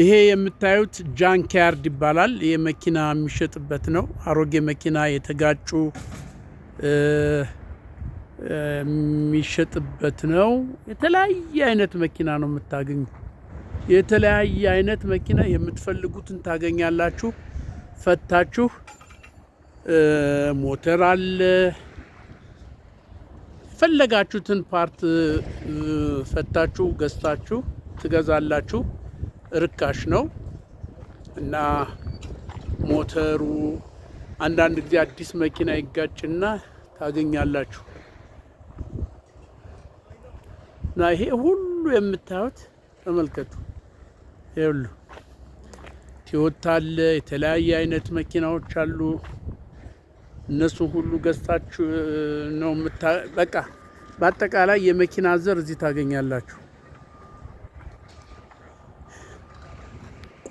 ይሄ የምታዩት ጃንኪያርድ ይባላል። ይሄ መኪና የሚሸጥበት ነው። አሮጌ መኪና የተጋጩ የሚሸጥበት ነው። የተለያየ አይነት መኪና ነው የምታገኙ። የተለያየ አይነት መኪና የምትፈልጉትን ታገኛላችሁ። ፈታችሁ ሞተር አለ የፈለጋችሁትን ፓርት ፈታችሁ ገዝታችሁ ትገዛላችሁ። ርካሽ ነው እና ሞተሩ አንዳንድ ጊዜ አዲስ መኪና ይጋጭና ታገኛላችሁ እና ይሄ ሁሉ የምታዩት ተመልከቱ። ይሄ ሁሉ ቲዮታ አለ፣ የተለያየ አይነት መኪናዎች አሉ። እነሱ ሁሉ ገዝታችሁ ነው በቃ በአጠቃላይ የመኪና ዘር እዚህ ታገኛላችሁ።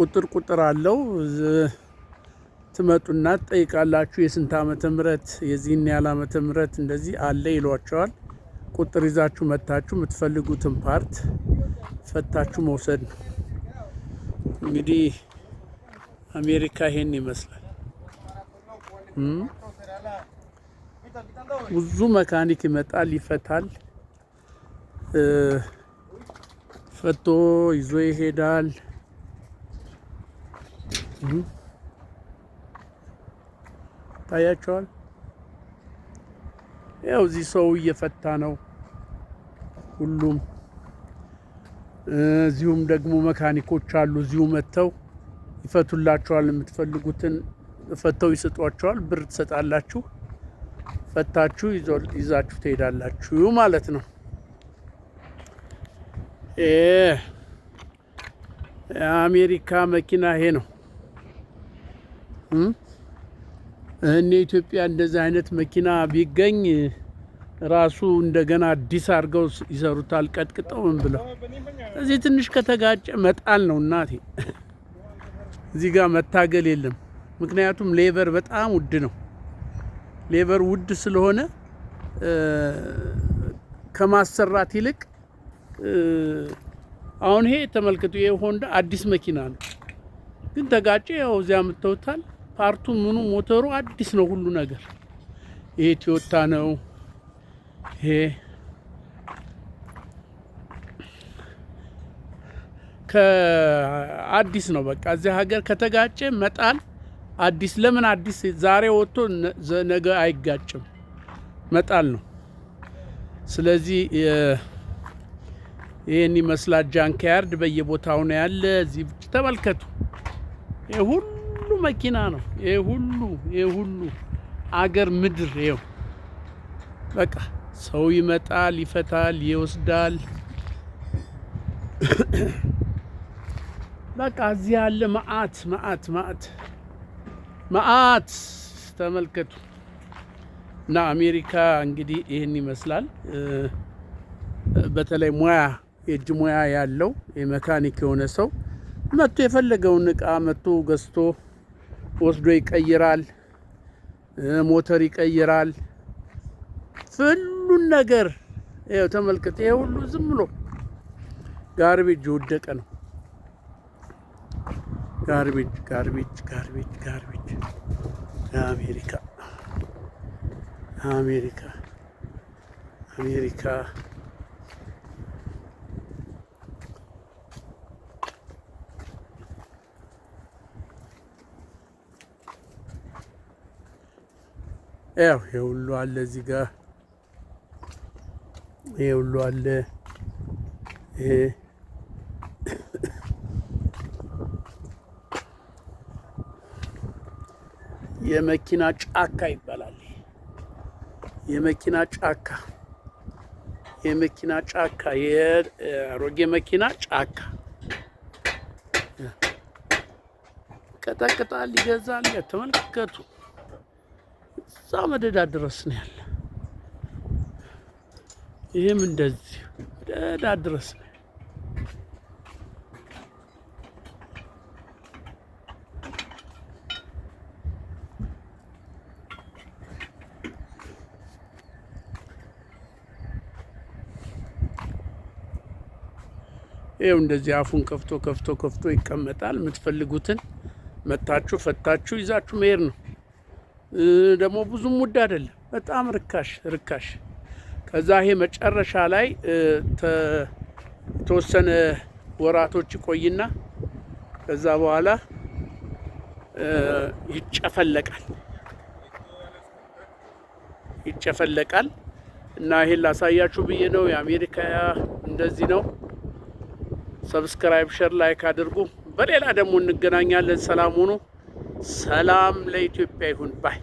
ቁጥር ቁጥር አለው። ትመጡና ትጠይቃላችሁ፣ የስንት ዓመተ ምህረት የዚህን ያህል ዓመተ ምህረት እንደዚህ አለ ይሏቸዋል። ቁጥር ይዛችሁ መታችሁ የምትፈልጉትን ፓርት ፈታችሁ መውሰድ ነው። እንግዲህ አሜሪካ ይሄን ይመስላል። ብዙ መካኒክ ይመጣል፣ ይፈታል፣ ፈቶ ይዞ ይሄዳል። ታያቸዋል። ያው እዚህ ሰው እየፈታ ነው ሁሉም። እዚሁም ደግሞ መካኒኮች አሉ። እዚሁ መጥተው ይፈቱላቸዋል። የምትፈልጉትን ፈተው ይሰጧቸዋል። ብር ትሰጣላችሁ። ፈታችሁ ይዛችሁ ትሄዳላችሁ ማለት ነው። የአሜሪካ መኪና ይሄ ነው። እኔ ኢትዮጵያ እንደዚህ አይነት መኪና ቢገኝ ራሱ እንደገና አዲስ አድርገው ይሰሩታል። ቀጥቅጠው ምን ብለው እዚህ ትንሽ ከተጋጨ መጣል ነው እናቴ። እዚህ ጋር መታገል የለም። ምክንያቱም ሌበር በጣም ውድ ነው። ሌበር ውድ ስለሆነ ከማሰራት ይልቅ አሁን ይሄ ተመልክቱ፣ ይሄ ሆንዳ አዲስ መኪና ነው፣ ግን ተጋጨ። ያው እዚያ ምተውታል። ፓርቱ ምኑ ሞተሩ አዲስ ነው ሁሉ ነገር። ይሄ ነው። ይሄ ከአዲስ ነው በቃ እዚህ ሀገር ከተጋጨ መጣል አዲስ ለምን አዲስ ዛሬ ወጥቶ ነገ አይጋጭም መጣል ነው። ስለዚህ ይህን ይመስላል ጃንክ ያርድ በየቦታው ነው ያለ። እዚህ ተመልከቱ ሁሉ መኪና ነው። ይሄ ሁሉ ይሄ ሁሉ አገር ምድር ይኸው በቃ ሰው ይመጣል፣ ይፈታል፣ ይወስዳል። በቃ እዚህ ያለ መዓት መዓት መዓት መዓት ተመልከቱ። እና አሜሪካ እንግዲህ ይህን ይመስላል። በተለይ ሙያ የእጅ ሙያ ያለው የመካኒክ የሆነ ሰው መጥቶ የፈለገውን እቃ መጥቶ ገዝቶ ወስዶ ይቀይራል፣ ሞተር ይቀይራል፣ ሁሉን ነገር ይኸው ተመልከት። ይሄ ሁሉ ዝም ብሎ ጋርቤጅ የወደቀ ነው። ጋርቤጅ ጋርቤጅ ጋርቤጅ ጋርቤጅ አሜሪካ አሜሪካ አሜሪካ ያው ይሄ ሁሉ አለ እዚህ ጋር ይሄ ሁሉ አለ። ይሄ የመኪና ጫካ ይባላል። የመኪና ጫካ የመኪና ጫካ የአሮጌ መኪና ጫካ ቀጠቅጣል፣ ይገዛል። ተመልከቱ። እዛ መደዳ ድረስ ነው ያለ። ይህም እንደዚህ መደዳ ድረስ ነው። ይኸው እንደዚህ አፉን ከፍቶ ከፍቶ ከፍቶ ይቀመጣል። የምትፈልጉትን መታችሁ ፈታችሁ ይዛችሁ መሄድ ነው። ደግሞ ብዙም ውድ አይደለም፣ በጣም ርካሽ ርካሽ። ከዛ ይሄ መጨረሻ ላይ የተወሰነ ወራቶች ይቆይና ከዛ በኋላ ይጨፈለቃል ይጨፈለቃል። እና ይሄን ላሳያችሁ ብዬ ነው። የአሜሪካ እንደዚህ ነው። ሰብስክራይብ፣ ሸር፣ ላይክ አድርጉ። በሌላ ደግሞ እንገናኛለን። ሰላም ሁኑ። ሰላም ለኢትዮጵያ ይሁን ባይ